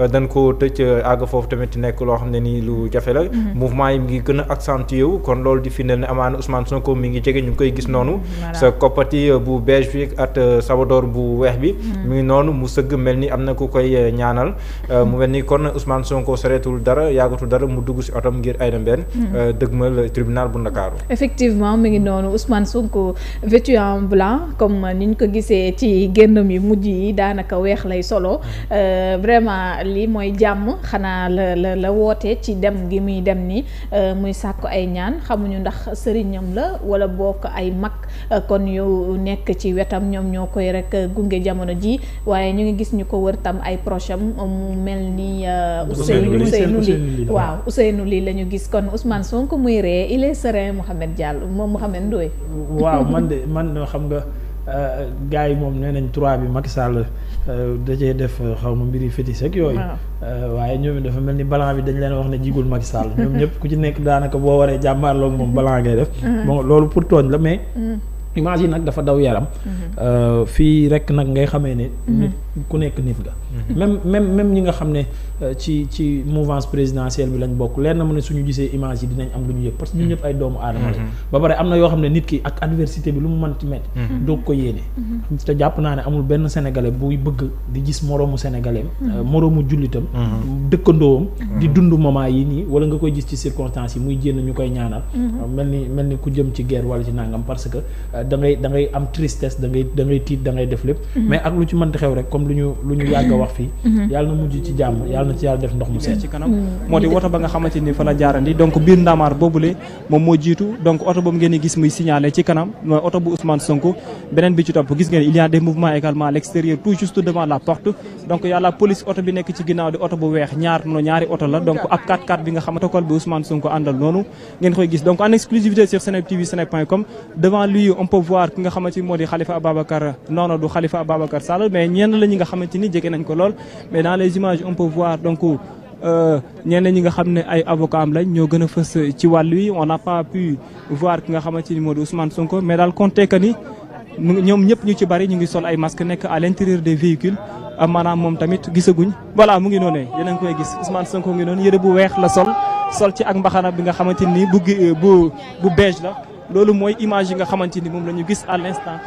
Euh, dañ ko tëj euh, àgg foofu tamit nekk loo xam ne ni lu jafe la. Mhm. mouvement yi mi ngi gën a accentué kon loolu di firndeel ne amaana Ousmane Sonko mi ngi jege ñu ngi koy gis mhm. noonu. sa koppati euh, bu beige bi at sabadoor bu weex bi. Mhm. mi ngi noonu mu sëgg mel ni am na ku koy ñaanal. mu mel ni kon Ousmane Sonko soreetul dara yàggatul dara mu dugg si otom ngir Aïda Mbène. dëgmal tribunal bu Ndakaaru. effectivement mi ngi noonu Ousmane Sonko vêtu en blanc comme ni ñu ko gisee ci génnam yu mujj yi daanaka weex lay solo. vraiment lii mooy jàmm xanaa la la la woote ci dem gi muy dem ni euh, muy sàkku ay ñaan xamuñu ndax sëriñam la wala bokk ay mag euh, kon yow nekk ci wetam ñoom ñoo koy rek euh, gunge jamono ji waaye ñu ngi gis ñu ko wër tam ay proche mel ni Ousseynou Ousseynou Ly waaw Ousseynou Ly la ñu gis kon Ousmane Sonko muy ree il est serein Mouhamed Diallo moom Mouhamed Ndoye waaw man de man xam nga Euh, gars yi moom nee nañ trois bi Macky Sall euh, da cee def euh, xaw ma mbiri fétiche ak yooyu. waaye ñoom dafa mel ni balan bi dañ leen wax ne jigul Macky Sall. ñoom ñëpp ku ci nekk daanaka boo waree jàmbaarloog moom balan ngay def. Mhm. bon loolu pour tooñ la mais. Mhm. image yi nag dafa daw yaram. Mhm. fii rek nag ngay xamee ne. ku nekk nit nga. même même même ñi nga xam ne euh, ci ci mouvance présidentielle bi lañ bokk leer na ma ne suñu gisee image yi dinañ am lu ñu yëg parce que ñun ñëpp ay doomu aadama la. Mm-hmm. ba pare am na yoo xam ne nit ki ak adversité bi lu mu man mënti métti. Mm-hmm. doog ko yéene. Mm-hmm. te jàpp naa ne amul benn sénégalais buy bëgg di gis moroomu sénégalais euh, moroomu jullitam. dëkkandoowam. di dund moment yi nii wala nga koy gis ci circonstances yi muy jéem ñu koy ñaanal. Euh, mel ni mel ni ku jëm ci guerre wala ci nangam parce que da ngay am tristesse da ngay da ngay da def lépp. mais ci mënti comme lu ñu lu a wax fii mhm. yàlla na mujj ci jàmm yàlla na ci yàlla def ndox mu seet ci kanam mm. moo di woto ba nga xamante fa la jaarandi donc biir Ndamaar boobule moom moo jiitu donc oto boobu ngeen gis muy signalé ci kanam mooy oto bu Ousmane Sonko beneen bi ci topp gis ngeen il y a également à tout juste devant la porte donc y police oto bi nekk ci ginnaaw di oto bu weex ñaar no ñaari oto la donc ab 4-4 bi nga ñi nga xamante ni jege nañ ko lool mais dans les images on peut voir donc euh, ñenn ñi nga xam ne ay avocat am lañ ñoo gën a fës ci wàll wi on n'a pas pu voir ki nga xamante ni moo di Ousmane mais daal compté que ni ñëpp ñu ci bari ñu ngi sol ay masque nekk à l'intérieur des véhicules euh, moom tamit gisaguñ voilà mu ngi noonee yéen a koy gis Ousmane Sonko ngi noonu yére bu weex la sol sol ci ak mbaxana bi nga xamante ni bu bu bu beige la loolu mooy image yi nga xamante ni moom la ñu gis à l'instant